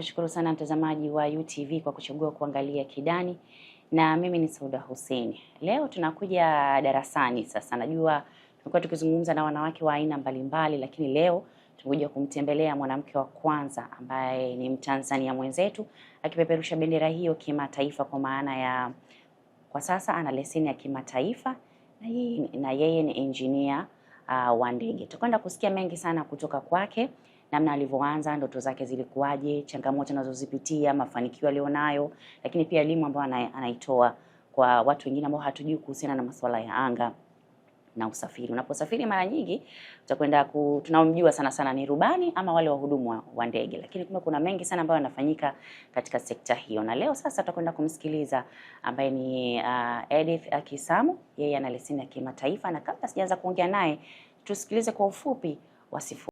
kushukuru sana mtazamaji wa UTV kwa kuchagua kuangalia Kidani, na mimi ni Sauda Hussein. Leo tunakuja darasani. Sasa najua tumekuwa tukizungumza na wanawake wa aina mbalimbali, lakini leo tumekuja kumtembelea mwanamke wa kwanza ambaye ni Mtanzania mwenzetu akipeperusha bendera hiyo kimataifa, kwa maana ya kwa sasa ana leseni ya kimataifa na yeye, na yeye ni engineer uh, wa ndege. Tutakwenda kusikia mengi sana kutoka kwake namna alivyoanza, ndoto zake zilikuwaje, changamoto anazozipitia, mafanikio alionayo, lakini pia elimu ambayo anaitoa kwa watu wengine ambao hatujui kuhusiana na masuala ya anga na usafiri. Unaposafiri mara nyingi utakwenda ku, tunamjua sana sana ni rubani ama wale wahudumu wa wa ndege, lakini kumbe kuna mengi sana ambayo yanafanyika katika sekta hiyo, na leo sasa tutakwenda kumsikiliza ambaye ni uh, Edith Akisamu, yeye ana leseni ya kimataifa, na kabla sijaanza kuongea naye tusikilize kwa ufupi wasifu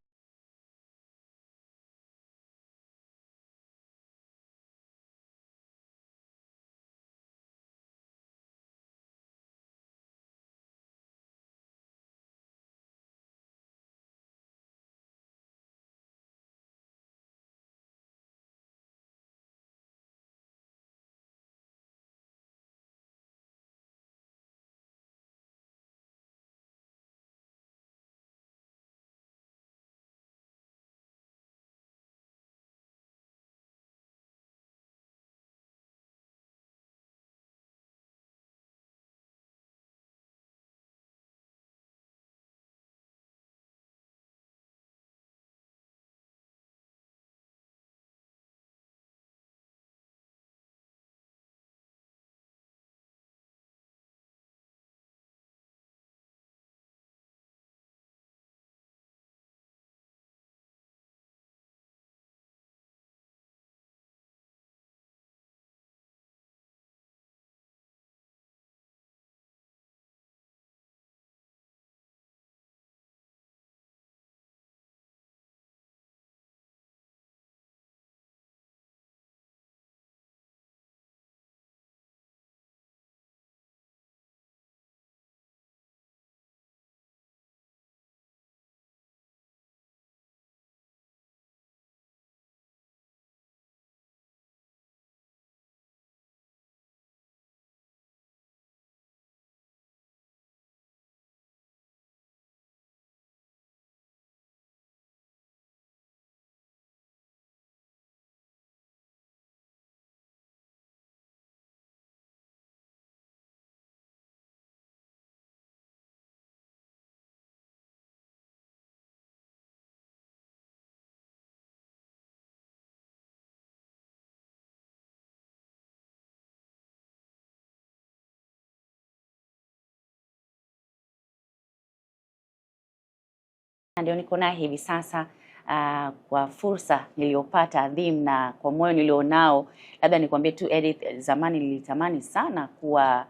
Ndio niko naye hivi sasa uh, kwa fursa niliyopata adhimu na kwa moyo nilionao, labda nikwambie tu Edith, zamani nilitamani sana kuwa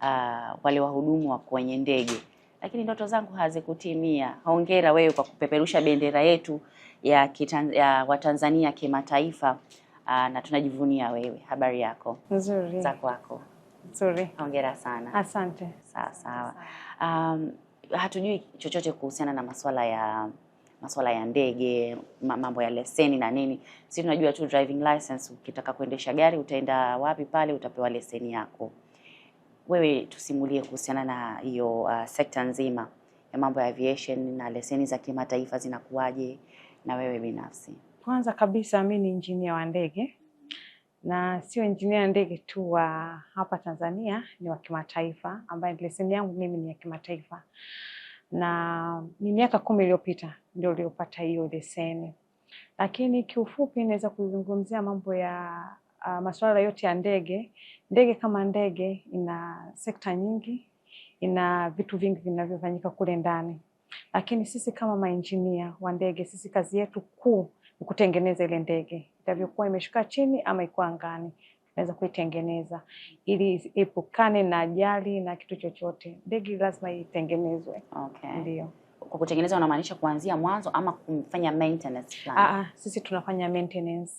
uh, wale wahudumu wa kwenye ndege, lakini ndoto zangu hazikutimia. Hongera wewe kwa kupeperusha bendera yetu ya, ya Watanzania kimataifa uh, na tunajivunia wewe. Habari yako? Nzuri. za kwako? Nzuri. Hongera sana. Asante. Sawa sawa. um, hatujui chochote kuhusiana na masuala ya masuala ya ndege, mambo ya leseni na nini. Sisi tunajua tu driving license. Ukitaka kuendesha gari utaenda wapi pale, utapewa leseni yako wewe. Tusimulie kuhusiana na hiyo uh, sekta nzima ya mambo ya aviation na leseni za kimataifa zinakuwaje, na wewe binafsi. Kwanza kabisa, mi ni injinia wa ndege na sio injinia ndege tu wa hapa Tanzania, ni wa kimataifa, ambaye leseni yangu mimi ni ya kimataifa, na ni miaka kumi iliyopita ndio uliopata hiyo leseni. Lakini kiufupi naweza kuzungumzia mambo ya uh, masuala yote ya ndege. Ndege kama ndege ina sekta nyingi, ina vitu vingi vinavyofanyika kule ndani, lakini sisi kama mainjinia wa ndege, sisi kazi yetu kuu kutengeneza ile ndege itavyokuwa imeshuka chini ama iko angani, tunaweza kuitengeneza ili epukane na ajali na kitu chochote. Ndege lazima itengenezwe. Okay. Ndio. Kwa kutengeneza unamaanisha kuanzia mwanzo ama kufanya maintenance plan? Aa, ah, ah, sisi tunafanya maintenance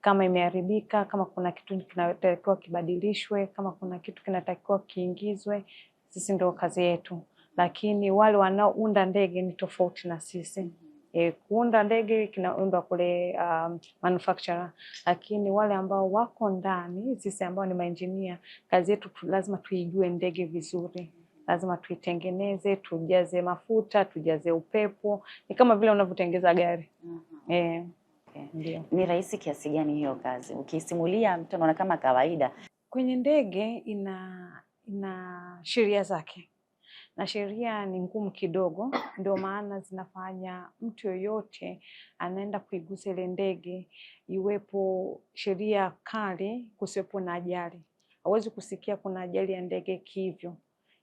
kama imeharibika, kama kuna kitu kinatakiwa kibadilishwe, kama kuna kitu kinatakiwa kiingizwe, sisi ndio kazi yetu, lakini wale wanaounda ndege ni tofauti na sisi e, kuunda ndege kinaundwa kule um, manufacturer, lakini wale ambao wako ndani, sisi ambao ni maengineer, kazi yetu lazima tuijue ndege vizuri lazima tuitengeneze, tujaze mafuta, tujaze upepo. Ni kama vile unavyotengeza gari mm-hmm. E, e okay. Ni rahisi kiasi gani hiyo kazi ukisimulia mtu anaona kama kawaida? Kwenye ndege ina ina sheria zake na sheria ni ngumu kidogo, ndio maana zinafanya mtu yoyote anaenda kuigusa ile ndege, iwepo sheria kali, kusiwepo na ajali. Hawezi kusikia kuna ajali ya ndege kivyo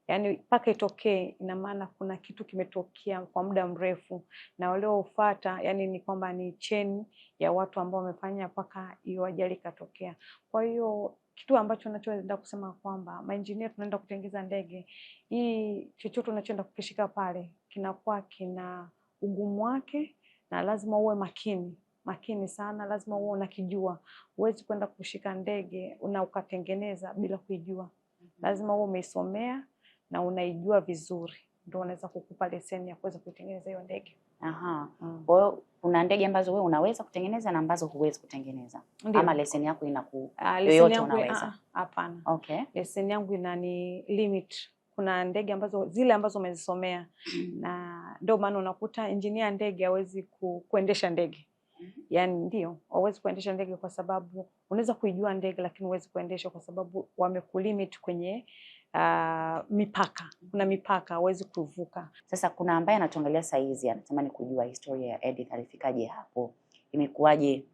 yaani mpaka itokee, ina maana kuna kitu kimetokea kwa muda mrefu, na waliofuata yani ni kwamba ni cheni ya watu ambao wamefanya mpaka hiyo ajali ikatokea. Kwa hiyo kitu ambacho unachoenda kusema kwamba maengineer tunaenda kutengeza ndege hii, chochote unachoenda kukishika pale kinakuwa kina ugumu wake, na lazima uwe makini makini sana, lazima uwe unakijua. Huwezi kwenda kushika ndege na ukatengeneza bila kuijua. Mhm. Lazima uwe umeisomea na unaijua vizuri, ndio unaweza kukupa leseni ya kuweza kuitengeneza hiyo ndege. Aha. Mm. Kwa hiyo kuna ndege ambazo wewe unaweza kutengeneza na ambazo huwezi kutengeneza. Ndiyo. Ama leseni yako inaku ah, yoyote unaweza? Ah, hapana. Okay. Leseni yangu ni limit. Kuna ndege ambazo zile ambazo umezisomea mm-hmm. na ndio maana unakuta injinia ndege hawezi ku, kuendesha ndege. Mm-hmm. Yaani ndio, hawezi kuendesha ndege kwa sababu unaweza kuijua ndege lakini huwezi kuendesha kwa sababu wamekulimit kwenye uh, mipaka. Kuna mipaka hawezi kuvuka. Sasa kuna ambaye anatuangalia saa hizi anatamani kujua historia ya Edith, alifikaje hapo, imekuwaje,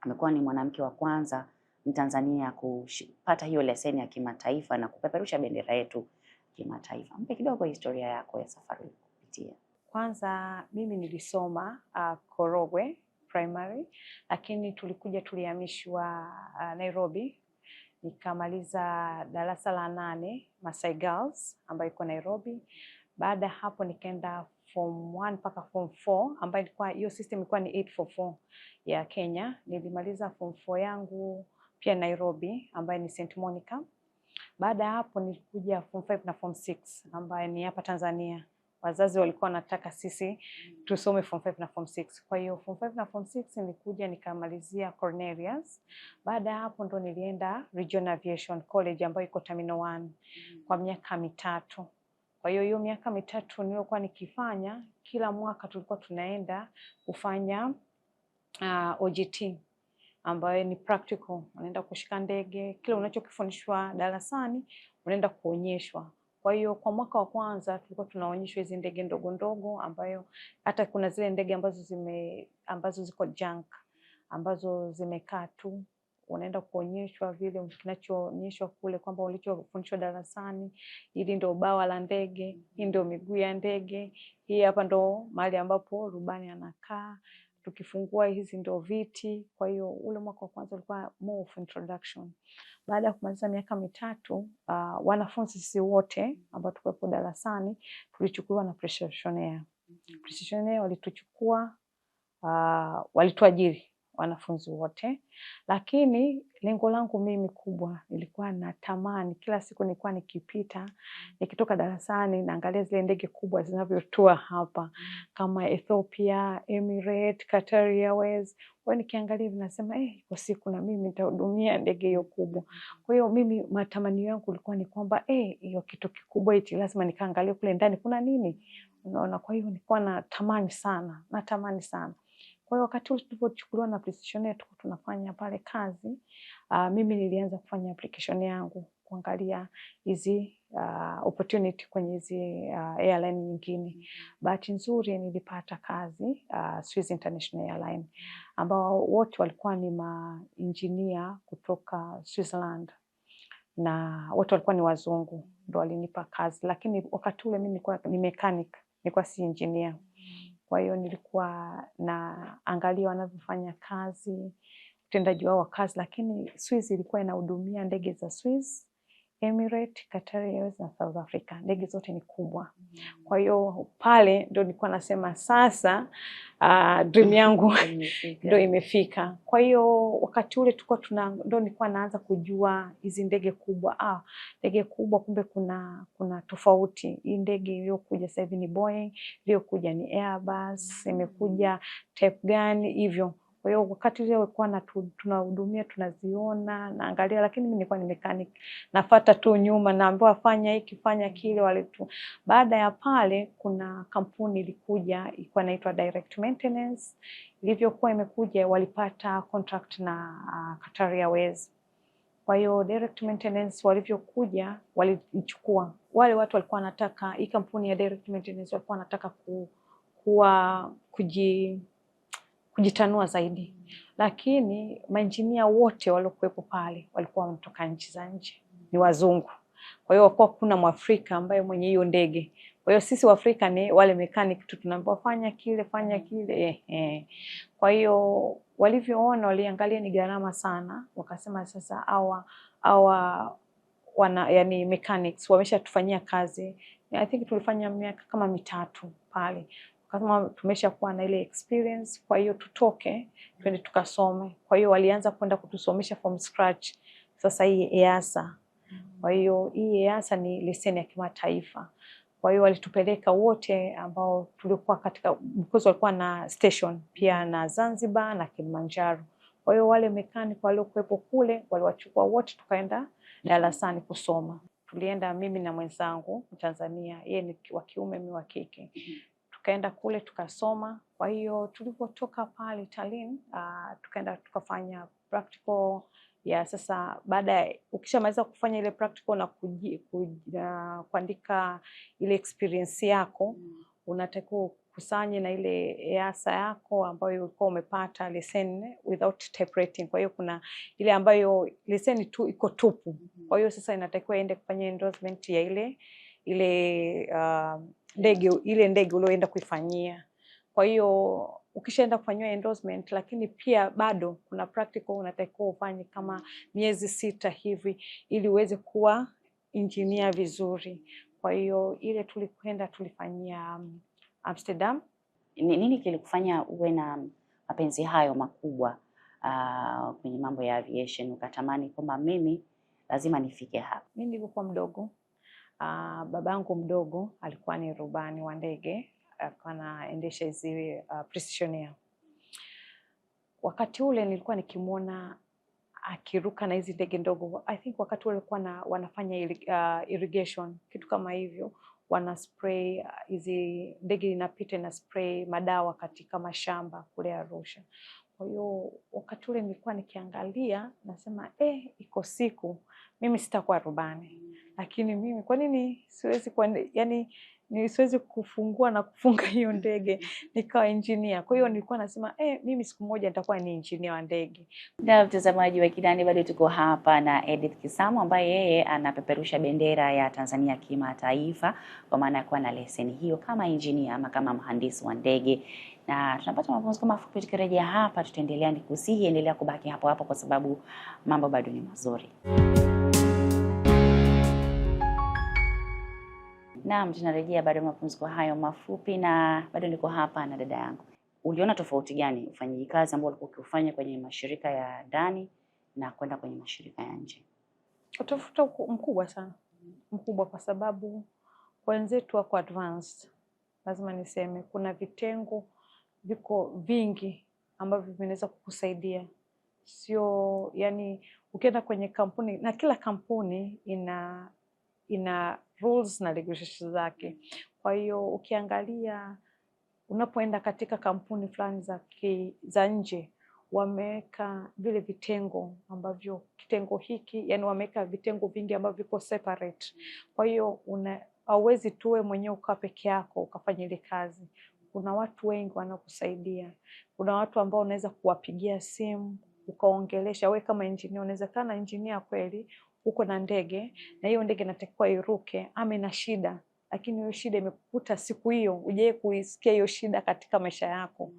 amekuwa ni mwanamke wa kwanza Mtanzania kupata hiyo leseni ya kimataifa na kupeperusha bendera yetu kimataifa. Mpe kidogo historia yako ya safari kupitia. Kwanza mimi nilisoma uh, Korogwe Primary, lakini tulikuja tulihamishwa uh, Nairobi nikamaliza darasa la nane Masai Girls ambayo iko Nairobi. Baada ya hapo nikaenda form 1 mpaka form 4 ambayo ilikuwa hiyo system ilikuwa ni 844 ya Kenya. Nilimaliza form 4 yangu pia Nairobi ambayo ni St Monica. Baada ya hapo nilikuja form 5 na form 6 ambayo ni hapa Tanzania wazazi walikuwa wanataka sisi mm. tusome form 5 na form 6. Kwa hiyo form 5 na form 6 nilikuja nikamalizia Cornelius. Baada ya hapo ndo nilienda Regional Aviation College ambayo iko Terminal 1 mm. kwa miaka mitatu. Kwa hiyo hiyo miaka mitatu niliyokuwa nikifanya, kila mwaka tulikuwa tunaenda kufanya uh, OJT ambayo ni practical, unaenda kushika ndege, kile unachokifundishwa darasani unaenda kuonyeshwa. Kwa hiyo kwa mwaka wa kwanza tulikuwa tunaonyeshwa hizi ndege ndogo ndogo, ambayo hata kuna zile ndege ambazo zime ambazo ziko junk ambazo zimekaa tu, unaenda kuonyeshwa vile kinachoonyeshwa kule kwamba ulichofundishwa darasani, hili ndio bawa la ndege, hii ndio miguu ya ndege, hii hapa ndo mahali ambapo rubani anakaa tukifungua hizi ndio viti. Kwa hiyo ule mwaka wa kwanza ulikuwa more of introduction. Baada ya kumaliza miaka mitatu, uh, wanafunzi sisi wote ambao tulikuwepo darasani tulichukuliwa na precisionaire. Mm-hmm. Precisionaire walituchukua, uh, walituajiri wanafunzi wote, lakini lengo langu mimi kubwa nilikuwa natamani kila siku, nilikuwa nikipita nikitoka darasani naangalia zile ndege kubwa zinavyotua hapa kama Ethiopia, Emirates, Qatar Airways. Kwa hiyo nikiangalia vinasema eh, kwa siku na mimi nitahudumia ndege hiyo kubwa. Kwa hiyo mimi matamanio yangu ilikuwa ni kwamba eh, hiyo kitu kikubwa hichi lazima nikaangalia kule ndani kuna nini, unaona. Kwa hiyo nilikuwa natamani sana, natamani sana kwa hiyo wakati ule tulipochukuliwa na precision yetu tunafanya pale kazi, uh, mimi nilianza kufanya application yangu kuangalia hizi uh, opportunity kwenye hizi uh, airline nyingine. Bahati nzuri nilipata kazi uh, Swiss International Airline ambao wote walikuwa ni mainjinia kutoka Switzerland na wote walikuwa ni wazungu, ndo walinipa kazi, lakini wakati ule mimi nilikuwa ni mechanic, nilikuwa si engineer. Kwa hiyo nilikuwa naangalia wanavyofanya kazi, utendaji wao wa kazi, lakini Swiss ilikuwa inahudumia ndege za Swiss Emirates, Qatar Airways na South Africa. Ndege zote ni kubwa, mm. kwa hiyo pale ndo nilikuwa nasema sasa, uh, dream yangu ndo imefika. Kwa hiyo wakati ule tulikuwa tuna ndio nilikuwa naanza kujua hizi ndege kubwa, ah, ndege kubwa kumbe kuna kuna tofauti. Hii ndege iliyokuja sasa hivi ni Boeing, iliyokuja ni Airbus, mm. imekuja type gani hivyo kwa hiyo wakati ule walikuwa na tunahudumia tunaziona naangalia, lakini mimi nilikuwa ni mechanic, nafuata tu nyuma, naambiwa fanya hiki fanya kile tu. Baada ya pale, kuna kampuni ilikuja ilikuwa inaitwa Direct Maintenance. Ilivyokuwa imekuja, walipata contract na uh, Qatar Airways. Kwa hiyo Direct Maintenance walivyokuja, walichukua wale watu walikuwa wanataka hii kampuni ya Direct Maintenance walikuwa wanataka ku, kuwa kuji kujitanua zaidi, lakini mainjinia wote waliokuwepo pale walikuwa wanatoka nchi za nje, ni wazungu. Kwa hiyo wakuwa kuna mwafrika ambaye mwenye hiyo ndege. Kwa hiyo sisi Waafrika ni wale mekanik tu, tunaambiwa fanya kile fanya kile eh, eh. Kwa hiyo walivyoona, waliangalia ni gharama sana, wakasema sasa hawa hawa wana yani mechanics wameshatufanyia kazi I think tulifanya miaka kama mitatu pale kama tumeshakuwa na ile experience, kwa hiyo tutoke twende tukasome. Kwa hiyo walianza kwenda kutusomesha from scratch, sasa hii EASA. Kwa hiyo hii EASA ni leseni ya kimataifa. Kwa hiyo walitupeleka wote ambao tulikuwa katika because walikuwa na station pia na Zanzibar na Kilimanjaro. Kwa hiyo wale mechanic waliokuwepo kule waliwachukua wote tukaenda darasani kusoma. Tulienda mimi na mwenzangu Mtanzania, yeye ni wa kiume, mimi wa kike tukaenda kule tukasoma. Kwa hiyo tulipotoka pale Tallinn, uh, tukaenda tukafanya practical ya sasa. Baada ya ukishamaliza kufanya ile practical na kuji, kuji, uh, kuandika ile experience yako mm. unatakiwa kusanye na ile EASA yako ambayo ulikuwa umepata leseni without typewriting. Kwa hiyo kuna ile ambayo leseni tu iko tupu, mm-hmm. kwa hiyo sasa inatakiwa ende kufanya endorsement ya ile ile uh, ndege ile ndege ulioenda kuifanyia. Kwa hiyo ukishaenda kufanyiwa endorsement, lakini pia bado kuna practical unatakiwa ufanye kama miezi sita hivi ili uweze kuwa injinia vizuri. Kwa hiyo ile tulikwenda tulifanyia um, Amsterdam. Ni nini kilikufanya uwe na mapenzi hayo makubwa uh, kwenye mambo ya aviation ukatamani kwamba mimi lazima nifike hapa? Mimi nilikuwa mdogo Uh, babangu mdogo alikuwa ni rubani wa ndege, alikuwa anaendesha hizi uh, precision air. Wakati ule nilikuwa nikimwona akiruka na hizi ndege ndogo. I think wakati ule alikuwa na wanafanya uh, irrigation kitu kama hivyo, wana spray hizi uh, ndege inapita na spray madawa katika mashamba kule Arusha. Kwa hiyo wakati ule nilikuwa nikiangalia nasema, eh, iko siku mimi sitakuwa rubani lakini mimi kwa nini siwezi kwa, yani ni siwezi kufungua na kufunga hiyo ndege nikawa engineer. Kwa hiyo nilikuwa nasema eh, mimi siku moja nitakuwa ni engineer wa ndege. Na mtazamaji wa Kidani, bado tuko hapa na Edith Kisamo ambaye yeye anapeperusha bendera ya Tanzania kimataifa, kwa maana ya kuwa na leseni hiyo kama engineer ama kama mhandisi wa ndege na tunapata mapumziko mafupi. Tukirejea hapa, tutaendelea. Nikusihi endelea kubaki hapo hapo, kwa sababu mambo bado ni mazuri. Naam, tunarejea baada ya mapumziko hayo mafupi, na bado niko hapa na dada yangu. Uliona tofauti gani ufanyaji kazi ambao ulikuwa ukiufanya kwenye mashirika ya ndani na kwenda kwenye mashirika ya nje? utafuta mkubwa sana, mkubwa kwa sababu wenzetu wako advanced. Lazima niseme kuna vitengo viko vingi ambavyo vinaweza kukusaidia, sio yani ukienda kwenye kampuni na kila kampuni ina ina rules na regulations zake. Kwa hiyo ukiangalia unapoenda katika kampuni fulani za, za nje wameweka vile vitengo ambavyo kitengo hiki yani, wameweka vitengo vingi ambavyo viko separate. Kwa hiyo hauwezi tuwe mwenyewe ukawa peke yako ukafanya ile kazi, kuna watu wengi wanakusaidia, kuna watu ambao unaweza kuwapigia simu ukaongelesha. We kama engineer, unaweza injinia engineer kweli uko na ndege na hiyo ndege inatakiwa iruke, ama ina shida, lakini hiyo shida imekukuta siku hiyo, ujae kuisikia hiyo shida katika maisha yako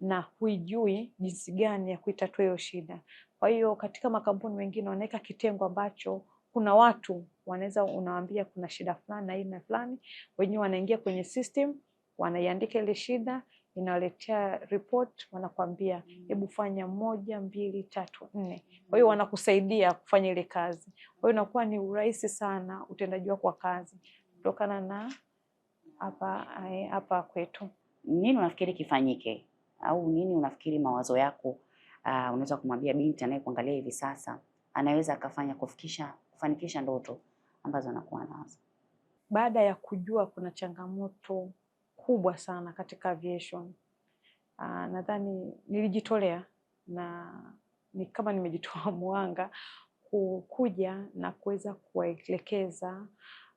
na huijui jinsi gani ya kuitatua hiyo shida. Kwa hiyo katika makampuni mengine wanaweka kitengo ambacho kuna watu wanaweza, unawaambia kuna shida fulani na hii fulani, wenyewe wanaingia kwenye system wanaiandika ile shida inaletea report, wanakwambia hebu fanya moja, mbili, tatu, nne. Kwa hiyo mm. wanakusaidia kufanya ile kazi, kwa hiyo inakuwa ni urahisi sana utendaji wako wa kazi kutokana na hapa eh, hapa kwetu. Nini unafikiri kifanyike au nini unafikiri mawazo yako uh, unaweza kumwambia binti anayekuangalia hivi sasa anaweza akafanya kufikisha kufanikisha ndoto ambazo anakuwa nazo baada ya kujua kuna changamoto kubwa sana katika aviation. Uh, nadhani nilijitolea na ni kama nimejitoa mwanga kukuja na kuweza kuwaelekeza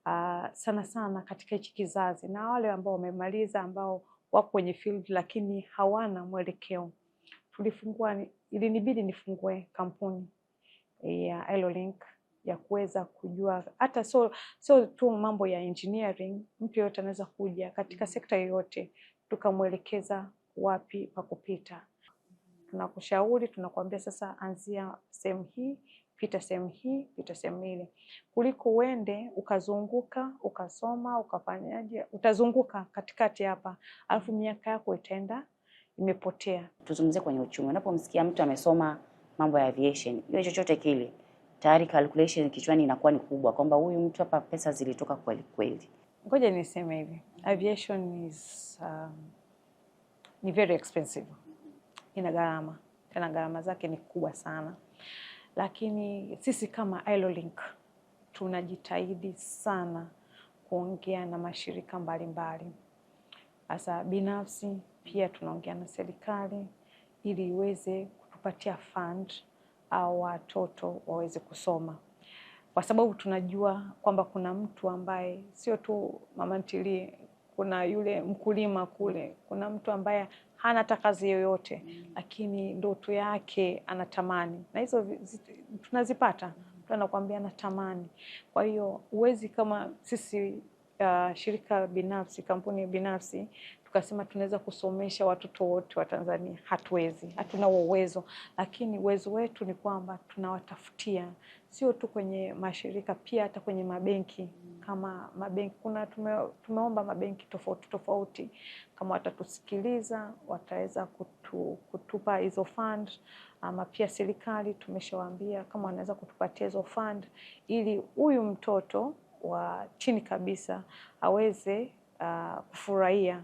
uh, sana sana katika hichi kizazi na wale ambao wamemaliza ambao wako kwenye field lakini hawana mwelekeo. Tulifungua, ilinibidi nifungue kampuni ya Aerolink ya kuweza kujua hata sio so tu mambo ya engineering, mtu yoyote anaweza kuja katika mm-hmm. sekta yoyote tukamwelekeza wapi pa kupita. Tunakushauri, tunakuambia sasa, anzia sehemu hii, pita sehemu hii, pita sehemu ile, kuliko uende ukazunguka ukasoma ukafanyaje, utazunguka katikati hapa, alafu miaka yako itaenda imepotea. Tuzungumzie kwenye uchumi, unapomsikia mtu amesoma mambo ya aviation, hiyo chochote kile tayari calculation kichwani inakuwa ni kubwa kwamba huyu mtu hapa pesa zilitoka kweli kweli. Ngoja niseme hivi, aviation is um, ni very expensive, ina gharama tena, gharama zake ni kubwa sana, lakini sisi kama Aerolink tunajitahidi sana kuongea na mashirika mbalimbali hasa binafsi, pia tunaongea na serikali ili iweze kutupatia fund au watoto waweze kusoma, kwa sababu tunajua kwamba kuna mtu ambaye sio tu mama ntilie, kuna yule mkulima kule, kuna mtu ambaye hana hata kazi yoyote, lakini ndoto yake anatamani, na hizo tunazipata mtu anakuambia anatamani. Kwa hiyo huwezi kama sisi uh, shirika binafsi, kampuni binafsi tukasema tunaweza kusomesha watoto wote wa Tanzania, hatuwezi, hatuna uwezo, lakini uwezo wetu ni kwamba tunawatafutia sio tu kwenye mashirika, pia hata kwenye mabenki. Kama mabenki kuna tume, tumeomba mabenki tofauti tofauti, kama watatusikiliza wataweza kutu, kutupa hizo fund, ama pia serikali tumeshawaambia kama wanaweza kutupatia hizo fund ili huyu mtoto wa chini kabisa aweze uh, kufurahia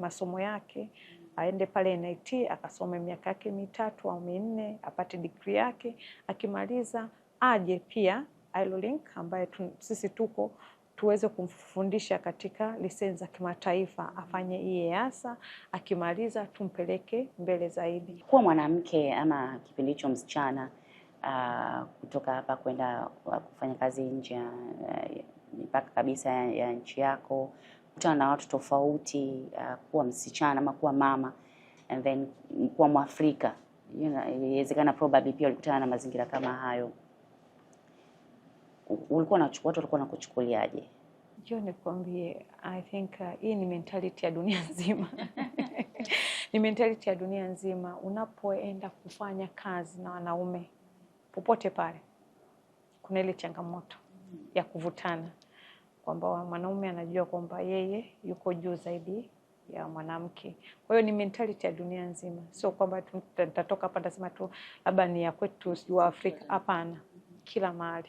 masomo yake, aende pale NIT akasome miaka yake mitatu au minne, apate degree yake, akimaliza aje pia ILOLink ambaye tu, sisi tuko tuweze kumfundisha katika leseni za kimataifa, afanye easa akimaliza tumpeleke mbele zaidi. Kuwa mwanamke ama kipindi hicho msichana uh, kutoka hapa kwenda ah, kufanya kazi nje ya eh, mipaka kabisa ya, ya nchi yako kukutana na watu tofauti uh, kuwa msichana ama kuwa mama and then kuwa Mwafrika inawezekana, probably pia ulikutana na mazingira kama hayo, ulikuwa unachukua watu walikuwa nakuchukuliaje? Jo, nikwambie, I think uh, hii ni mentality ya dunia nzima ni mentality ya dunia nzima. Unapoenda kufanya kazi na wanaume popote pale, kuna ile changamoto ya kuvutana kwamba mwanaume anajua kwamba yeye yuko juu zaidi ya mwanamke. Kwa hiyo ni mentality ya dunia nzima, sio kwamba tutatoka hapa tasema tu labda ni ya kwetu wa Afrika. Hapana, kila mahali,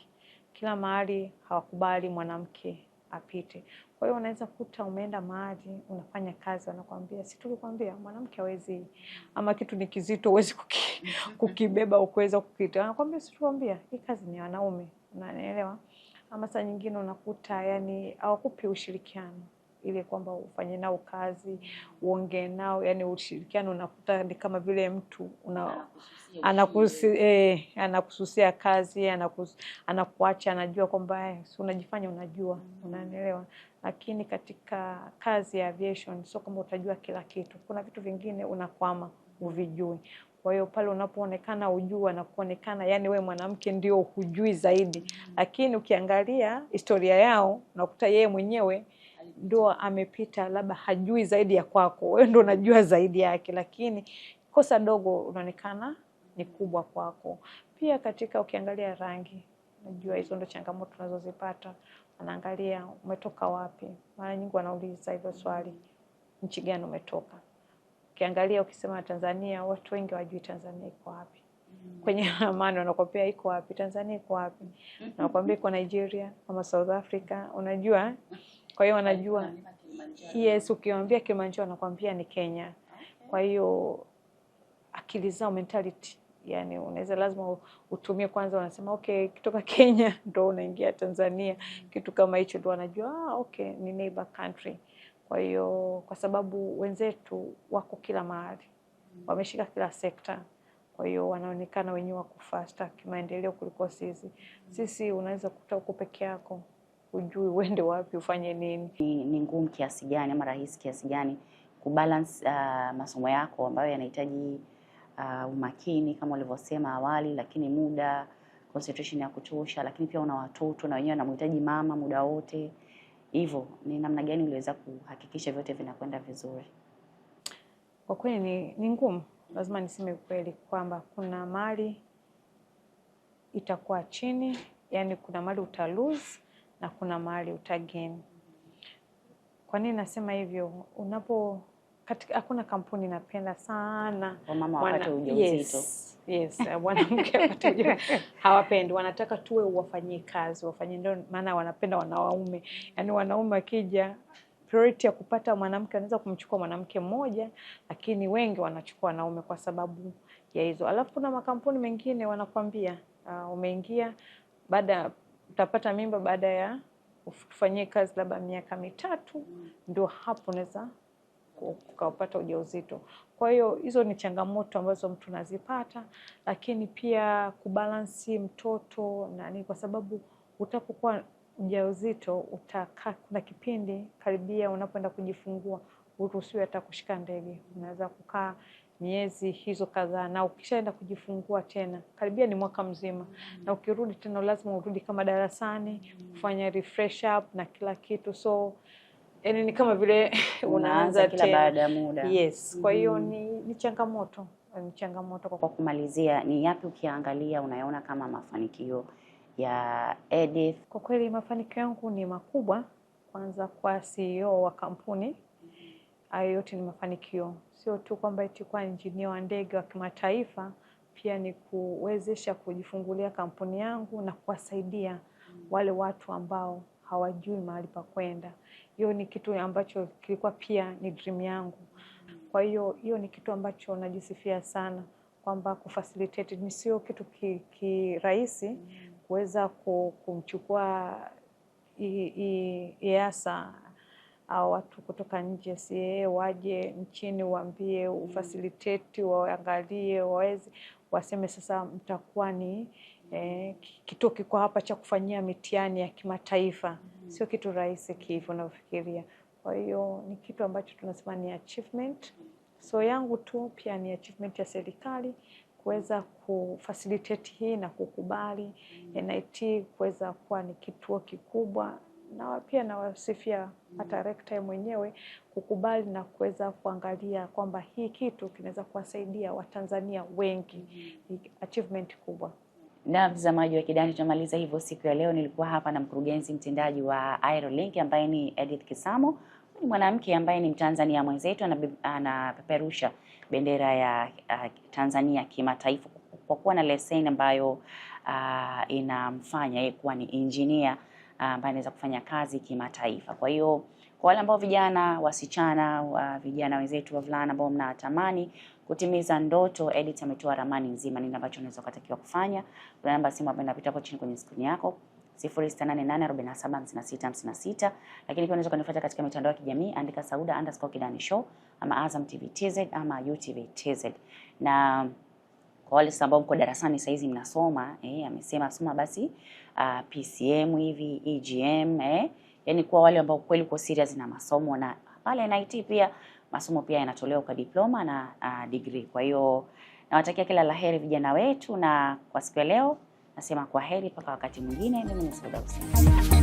kila mahali hawakubali mwanamke apite. Kwa hiyo unaweza kuta umeenda mahali unafanya kazi, wanakwambia si tulikwambia mwanamke hawezi, ama kitu ni kizito huwezi kuki, kukibeba ukuweza kukita, wanakwambia si tulikwambia hii kazi ni wanaume, unanielewa? ama saa nyingine unakuta yani hawakupi ushirikiano ile kwamba ufanye nao kazi uongee nao, yani ushirikiano unakuta ni kama vile mtu una, anakususia, eh, anakususia kazi anakus, anakuacha anajua kwamba eh, si unajifanya unajua mm -hmm. Unanielewa, lakini katika kazi ya aviation sio kwamba utajua kila kitu. Kuna vitu vingine unakwama mm. uvijui, kwa hiyo pale unapoonekana ujua na kuonekana, yani we mwanamke ndio hujui zaidi mm. Lakini ukiangalia historia yao unakuta yeye mwenyewe ndio amepita, labda hajui zaidi ya kwako, wewe ndo unajua zaidi yake, lakini kosa dogo unaonekana ni kubwa kwako. Pia katika ukiangalia rangi, najua hizo ndo changamoto tunazozipata. Wanaangalia umetoka wapi, mara nyingi wanauliza hilo swali, nchi gani umetoka ukiangalia ukisema Tanzania, watu wengi wajui Tanzania iko wapi mm. kwenye amani wanakwambia iko wapi Tanzania iko wapi mm -hmm. nakwambia iko Nigeria ama South Africa, unajua. Kwa hiyo wanajua yes, ukiwaambia Kilimanjaro wanakwambia ni Kenya. Kwa hiyo akili zao mentality Yani unaweza lazima utumie kwanza, wanasema okay, kutoka Kenya ndo unaingia Tanzania, mm. kitu kama hicho ndo wanajua ah, okay ni neighbor country. Kwa hiyo kwa sababu wenzetu wako kila mahali, mm. wameshika kila sekta, kwa hiyo wanaonekana wenyewe wako fasta kimaendeleo kuliko sisi. Mm. Sisi unaweza kuta uko peke yako, hujui uende wapi, ufanye nini. Ni, ni ngumu kiasi gani ama rahisi kiasi gani kubalance uh, masomo yako ambayo yanahitaji uh, umakini kama ulivyosema awali, lakini muda concentration ya kutosha, lakini pia una watoto na wenyewe wanamhitaji mama muda wote hivyo ni namna gani uliweza kuhakikisha vyote vinakwenda vizuri? Kwa kweli ni, ni ngumu, lazima niseme kweli kwamba kuna mali itakuwa chini, yani kuna mali uta lose na kuna mali uta gain. Kwa nini nasema hivyo? Unapo katika, hakuna kampuni napenda sana wamama wapate ujauzito yes. Yes, mwanamke uh, watajua hawapendi wanataka tuwe wafanyie kazi wafanyie, ndio maana wanapenda wanaume. Yaani wanaume wakija priority ya kupata mwanamke anaweza kumchukua mwanamke mmoja, lakini wengi wanachukua wanaume kwa sababu ya hizo. Alafu kuna makampuni mengine wanakwambia uh, umeingia baada utapata mimba baada ya ufanyie kazi labda miaka mitatu, ndio hapo unaweza ukapata ujauzito. Kwa hiyo hizo ni changamoto ambazo mtu anazipata, lakini pia kubalansi mtoto na kwa sababu utapokuwa ujauzito utakaa, kuna kipindi karibia unapoenda kujifungua uruhusiwe hata kushika ndege, unaweza kukaa miezi hizo kadhaa, na ukishaenda kujifungua tena karibia ni mwaka mzima mm -hmm. na ukirudi tena lazima urudi kama darasani kufanya refresh up na kila kitu so yani ni kama vile unaanza kila baada ya muda. Yes, kwa hiyo mm. ni, ni changamoto ni changamoto. Kwa kumalizia, ni yapi ukiangalia unayaona kama mafanikio ya Edith? Kwa kweli mafanikio yangu ni makubwa, kwanza kwa CEO wa kampuni. Hayo yote ni mafanikio, sio tu kwamba eti kwa injinia wa ndege wa kimataifa, pia ni kuwezesha kujifungulia kampuni yangu na kuwasaidia mm. wale watu ambao hawajui mahali pa kwenda. Hiyo ni kitu ambacho kilikuwa pia ni dream yangu. Kwa hiyo hiyo ni kitu ambacho najisifia sana kwamba kufacilitate ni sio kitu kirahisi ki kuweza kumchukua EASA au watu kutoka nje CAA waje nchini, waambie ufacilitate, waangalie, waweze waseme sasa mtakuwa ni eh, kituo kiko hapa cha kufanyia mitihani ya kimataifa mm. Sio kitu rahisi kivyo unavyofikiria. Kwa hiyo ni kitu ambacho tunasema ni achievement, so yangu tu pia ni achievement ya serikali kuweza kufacilitate hii na kukubali mm. Mm-hmm. NIT kuweza kuwa ni kituo kikubwa na pia nawasifia mm-hmm. hata rekta mwenyewe kukubali na kuweza kuangalia kwamba hii kitu kinaweza kuwasaidia Watanzania wengi. Ni achievement kubwa na mtazamaji wa Kidani, tunamaliza hivyo siku ya leo. Nilikuwa hapa na mkurugenzi mtendaji wa Aerolink ambaye ni Edith Kisamo, ni mwanamke ambaye ni Mtanzania mwenzetu, anapeperusha bendera ya uh, Tanzania kimataifa kwa kuwa na leseni ambayo uh, inamfanya yeye kuwa ni injinia ambaye uh, anaweza kufanya kazi kimataifa. Kwa hiyo kwa wale ambao vijana, wasichana, uh, vijana wenzetu wavulana ambao mnatamani kutimiza ndoto. Edit ametoa ramani nzima nini ambacho unaweza ukatakiwa kufanya. Kuna namba simu ambayo inapita hapo chini kwenye skrini yako 0688475656 lakini pia unaweza kunifuata katika mitandao ya kijamii andika Sauda underscore Kidani Show ama Azam TV TZ ama UTV TZ. Na kwa wale sasa ambao mko darasani saizi mnasoma eh, amesema soma basi uh, ah, PCM hivi EGM eh, yani kwa wale ambao kweli uko serious na masomo na pale NIT pia masomo pia yanatolewa kwa diploma na uh, degree. Kwa hiyo nawatakia kila la heri vijana wetu, na kwa siku ya leo nasema kwa heri mpaka wakati mwingine. Mimi ni Sauda Hussein.